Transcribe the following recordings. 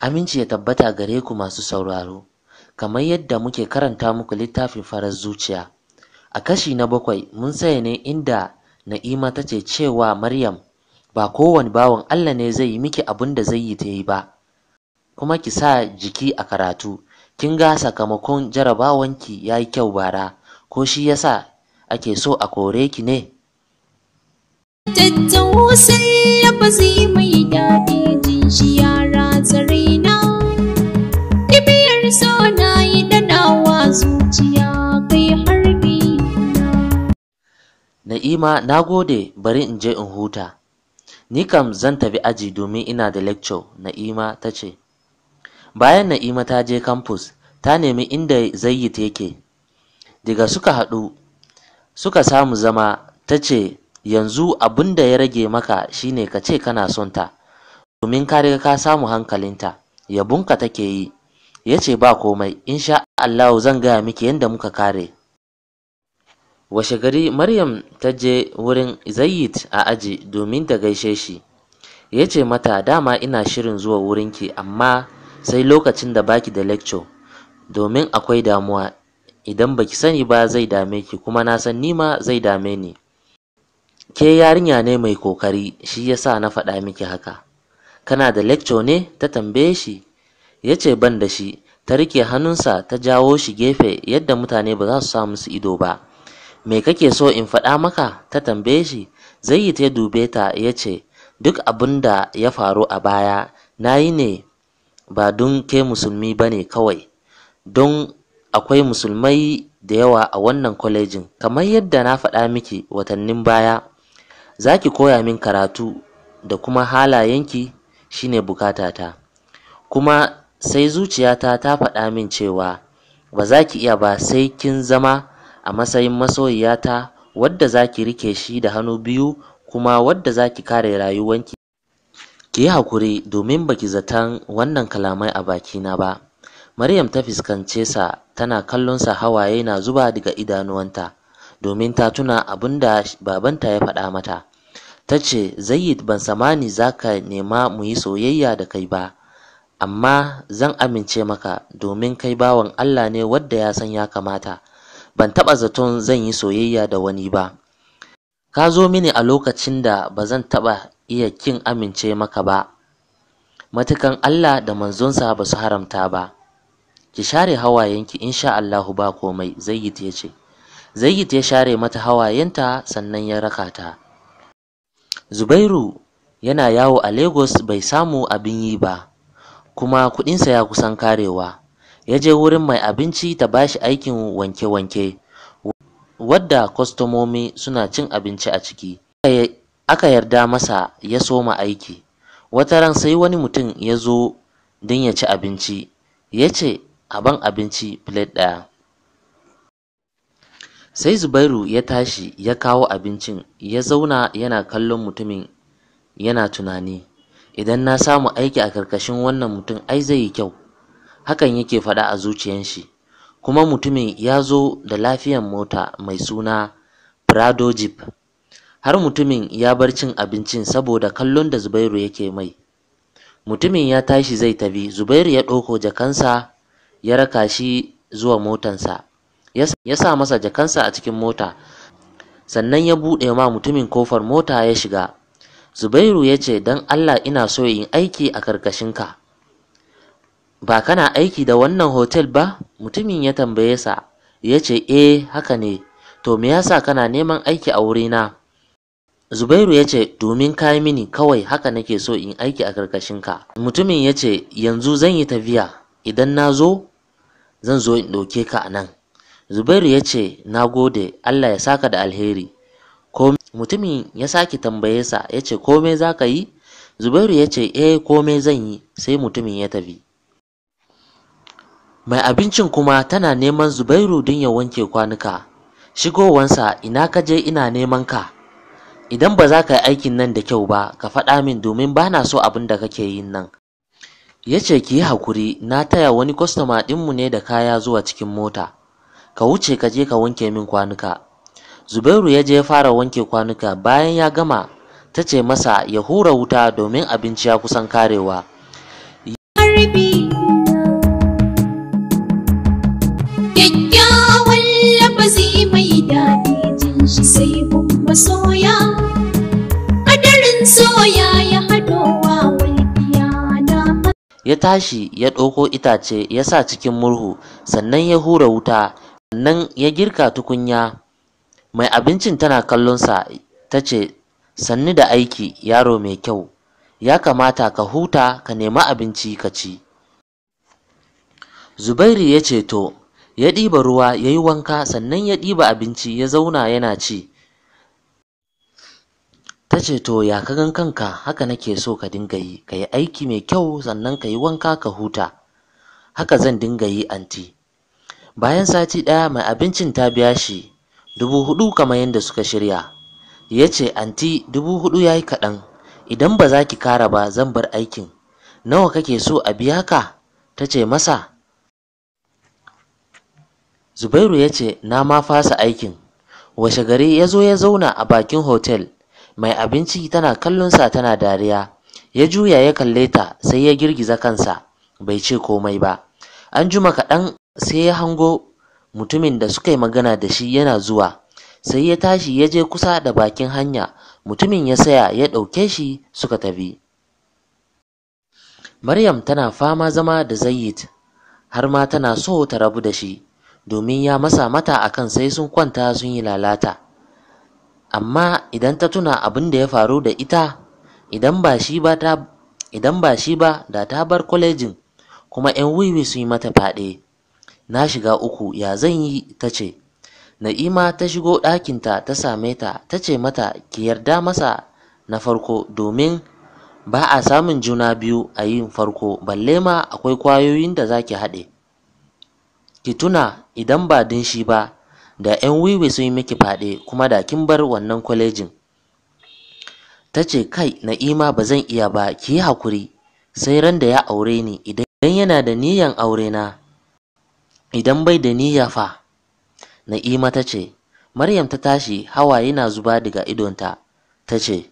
Aminci ya tabbata gare ku masu sauraro, kamar yadda muke karanta muku littafin farar zuciya. A kashi na bakwai mun saya ne inda Na'ima ta ce cewa Maryam ba kowane bawan Allah ne zai yi miki abin da zai yi ta yi ba, kuma ki sa jiki a karatu, kin ga sakamakon jarabawanki ya yi kyau bara, ko shi ya sa ake so a kore ki ne? Tattausai zai mai daɗi jin shi yara tsare Na'ima na gode bari in je in huta. Ni kam zan tafi aji domin ina da lecture, Na'ima ta ce. Bayan Na'ima ta je campus, ta nemi inda Zayyit yake. Daga suka haɗu, suka samu zama, ta ce, yanzu abin da ya rage maka shine ka ce kana son ta, domin ka riga ka samu hankalinta, yabunka take yi. Ya ce ba komai, insha Allah zan gaya miki yadda muka kare. Washe gari Maryam ta je wurin Zayyid a aji domin ta gaishe shi. Ya ce mata dama ina shirin zuwa wurinki amma sai lokacin da baki da lecture domin akwai damuwa idan baki sani ba zai dame ki kuma na san nima zai dame ni. Ke yarinya ne mai kokari shi yasa na faɗa miki haka. Kana da lecture ne ta tambaye shi ya ce ban da shi ta rike hannunsa ta jawo shi gefe yadda mutane ba za su sa musu ido ba. me kake so in faɗa maka ta tambaye shi zayyid ya dube ta ya ce duk abin da ya faru a baya na yi ne ba don ke musulmi ba ne kawai don akwai musulmai da yawa a wannan kwalejin kamar yadda na faɗa miki watannin baya za ki koya min karatu da kuma halayenki shine bukatata kuma sai zuciyata ta faɗa min cewa ba za ki iya ba sai kin zama a matsayin masoyiyata wadda za ki rike shi da hannu biyu kuma wadda za ki kare rayuwanki ki yi haƙuri, domin ba ki zaton wannan kalamai a bakina ba Maryam ta fuskance sa tana kallon sa hawaye na zuba daga idanuwanta domin ta tuna abin da babanta ya faɗa mata ta ce zayyid ban samani ka nema mu yi soyayya da kai ba amma zan amince maka domin kai bawan Allah ne wadda ya san ya kamata ban taɓa zaton zan yi soyayya da wani ba ka zo mini a lokacin da ba zan taɓa iya kin amince maka ba matukan Allah da manzonsa ba su haramta ba ki share hawayenki insha Allah, ba komai zayyid ya ce zayyid ya share mata hawayenta sannan ya raka ta zubairu yana yawo a lagos bai samu abin yi ba kuma kuɗinsa ya kusan karewa ya je wurin mai abinci ta bashi aikin wanke-wanke wadda kwastomomi suna cin abinci a ciki aka yarda masa ya soma aiki wata ran sai wani mutum ya zo don ya ci abinci ya ce a ban abinci plate ɗaya sai zubairu ya tashi ya kawo abincin ya zauna yana kallon mutumin yana tunani idan na samu aiki a karkashin wannan mutum ai zai yi kyau hakan yake faɗa a zuciyan shi kuma mutumin ya zo da lafiyan mota mai suna Prado Jeep har mutumin ya bar cin abincin saboda kallon da Zubairu yake mai mutumin ya tashi zai tafi Zubairu ya ɗauko jakansa ya raka shi zuwa motansa ya sa masa jakansa a cikin mota sannan ya buɗe ma mutumin kofar mota ya shiga Zubairu ya ce don Allah ina so in aiki a karkashinka ba kana aiki da wannan hotel ba mutumin ya tambaye sa ya ce eh haka ne to me yasa kana neman aiki a wurina zubairu ya ce domin kayi mini kawai haka nake so in aiki a karkashinka mutumin ya ce yanzu zan yi tafiya idan na zo zan zo in ɗauke ka a nan zubairu ya ce na gode allah ya saka da alheri mutumin ya sake tambaye sa ya ce komai za ka yi zubairu ya ce eh komai zan yi sai mutumin ya tafi Mai abincin kuma tana neman Zubairu din ya wanke kwanuka. Shigowansa ina ka je ina neman ka. Idan ba za ka yi aikin nan da kyau ba, ka faɗa min domin ba na so abin da kake yin nan. Ya ce ki yi hakuri, na taya wani kwastoma ɗinmu ne da kaya zuwa cikin mota. Ka wuce ka je ka wanke min kwanuka. Zubairu ya je ya fara wanke kwanuka bayan ya gama ta ce masa ya hura wuta domin abinci ya kusan karewa. Harbi ya tashi ya ɗauko itace ya sa cikin murhu sannan ya hura wuta sannan ya girka tukunya mai abincin tana kallonsa ta ce sannu da aiki yaro mai kyau ya kamata ka huta ka nemi abinci ka ci zubairu ya ce to ya ɗiba ruwa ya yi wanka sannan ya ɗiba abinci ya zauna yana ci Ta ce to ya ka gan kanka haka nake so ka dinga yi, ka yi aiki mai kyau sannan ka yi wanka ka huta. Haka zan dinga yi anti. Bayan sati ɗaya mai abincin ta biya shi dubu huɗu kamar yadda suka shirya. Ya ce anti dubu huɗu ya yi kaɗan, idan ba za ki kara ba zan bar aikin. Nawa kake so a biya ka? Ta ce masa. Zubairu ya ce na ma fasa aikin. Washe gari ya zo ya zauna a bakin hotel mai abinci tana kallonsa tana dariya ya juya ya kalle ta sai ya girgiza kansa bai ce komai ba an juma kaɗan sai ya hango mutumin da suka yi magana da shi yana zuwa sai ya tashi ya je kusa da bakin hanya mutumin ya saya ya ɗauke shi suka tafi maryam tana fama zama da zayyid har ma tana so ta rabu da shi domin ya masa mata akan sai sun kwanta sun yi lalata amma idan ta tuna abin da ya faru da ita idan ba shi ba da ta bar kwalejin kuma 'yan wiwi su yi mata fyaɗe na shiga uku ya zan yi ta ce na'ima ta shigo ɗakinta ta same ta ta ce mata ki yarda masa na farko domin ba a samun juna biyu a yin farko balle ma akwai kwayoyin da za ki haɗe ki tuna idan ba din shi ba da 'yan wiwi sun yi miki faɗe kuma da kin bar wannan kwalejin ta ce kai na'ima ba zan iya ba ki yi hakuri sai ran da ya aure ni idan yana da niyan aure na idan bai da niyya fa na'ima ta ce maryam ta tashi hawa yana zuba daga idonta ta ce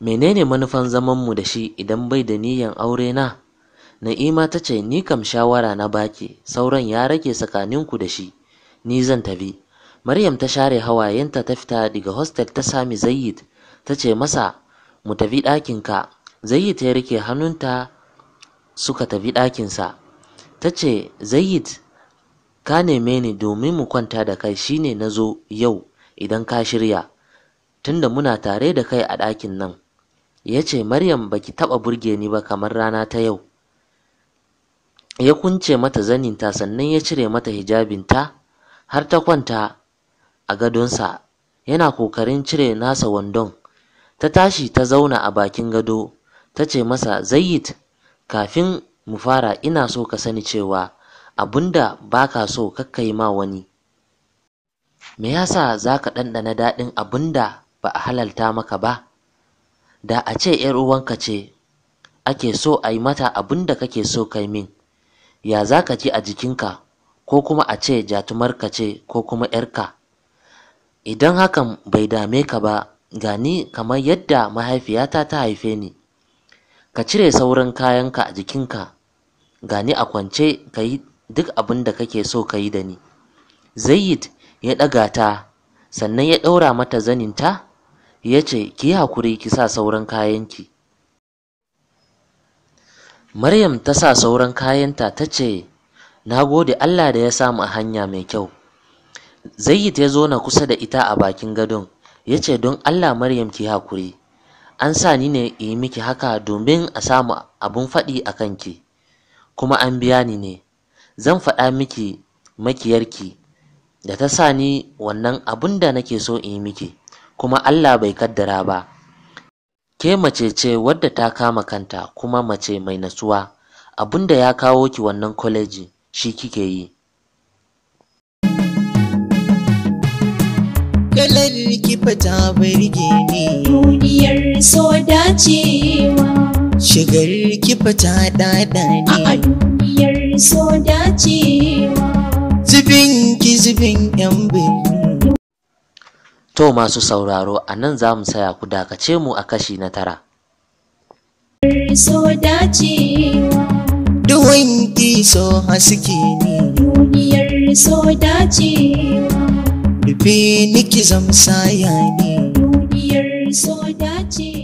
menene manufan zamanmu da shi idan bai da niyan aure na na'ima ta ce ni kam shawara na baki sauran ya rage tsakaninku da shi Ni zan tafi. Maryam ta share hawayenta ta fita daga hostel ta sami Zayyid ta ce masa mu tafi ɗakinka. Zayyid ya rike hannunta suka tafi ɗakinsa. Ta ce Zayyid ka neme ni domin mu kwanta da kai shine na zo yau idan ka shirya tunda muna tare da kai a ɗakin nan. Ya ce Maryam baki taɓa burge ni ba kamar rana ta yau. Ya kunce mata zaninta sannan ya cire mata hijabinta har ta kwanta a gadonsa yana kokarin cire nasa wandon ta tashi ta zauna a bakin gado ta ce masa zayyit kafin mu fara ina so ka sani cewa abunda baka so ka kakkai ma wani me yasa zaka ɗanɗana daɗin abunda ba a halalta maka ba da a ce ‘yar uwanka ce ake so a yi mata abin da kake so kai min ya za ka ji a jikinka ko kuma a ce jatumarka ce ko kuma 'yarka idan hakan bai dame ka ba gani kamar yadda mahaifiyata ta haife ni ka cire sauran kayanka a jikinka gani a kwance ka yi duk abin da kake so ka yi da ni Zayid ya ɗaga ta sannan ya ɗaura mata zaninta ya ce ki yi haƙuri ki sa sauran kayanki maryam ta sa sauran kayanta ta ce Na gode Allah da ya samu a hanya mai kyau. Zayyid ya zo na kusa da ita a bakin gadon, ya ce don Allah Maryam ki hakuri. An sa ni ne yi miki haka domin a samu abun faɗi a kanki, kuma an biya ni ne. Zan faɗa miki makiyarki da ta sa ni wannan abun da nake so in yi miki, kuma Allah bai kaddara ba. Ke mace ce wadda ta kama kanta kuma mace mai natsuwa, abun ya kawo ki wannan kwaleji. shi kike yi kalar kifa ta birge ni duniyar so dacewa shigar kifa ta dada ne a duniyar so dacewa zubin ki zubin yan birni to masu sauraro a nan za mu saya ku dakace mu a kashi na tara so dacewa duhun so haske ne duniyar so dacewa rufe niki zamsaya ne duniyar so dacewa